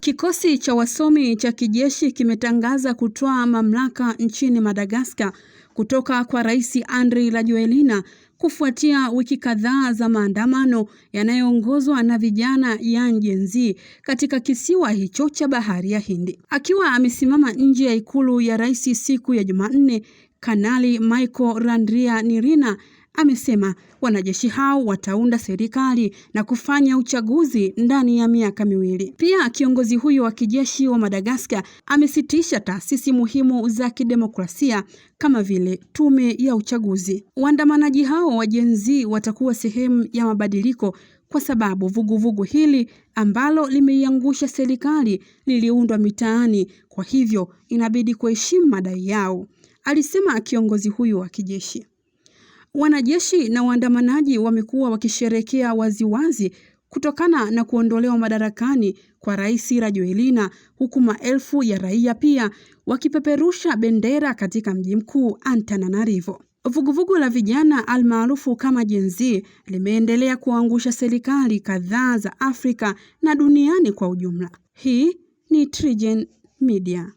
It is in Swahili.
Kikosi cha wasomi cha kijeshi kimetangaza kutoa mamlaka nchini Madagascar kutoka kwa Rais Andry Rajoelina kufuatia wiki kadhaa za maandamano yanayoongozwa na vijana ya Gen Z katika kisiwa hicho cha Bahari ya Hindi. Akiwa amesimama nje ya ikulu ya rais siku ya Jumanne, Kanali Michael Randria Nirina amesema wanajeshi hao wataunda serikali na kufanya uchaguzi ndani ya miaka miwili. Pia kiongozi huyo wa kijeshi wa Madagaskar amesitisha taasisi muhimu za kidemokrasia kama vile tume ya uchaguzi. Waandamanaji hao wa Gen Z watakuwa sehemu ya mabadiliko kwa sababu vuguvugu vugu hili ambalo limeiangusha serikali liliundwa mitaani, kwa hivyo inabidi kuheshimu madai yao, alisema kiongozi huyu wa kijeshi. Wanajeshi na waandamanaji wamekuwa wakisherekea waziwazi kutokana na kuondolewa madarakani kwa Rais Rajoelina, huku maelfu ya raia pia wakipeperusha bendera katika mji mkuu Antananarivo. Vuguvugu la vijana almaarufu kama Gen Z limeendelea kuangusha serikali kadhaa za Afrika na duniani kwa ujumla. Hii ni TriGen Media.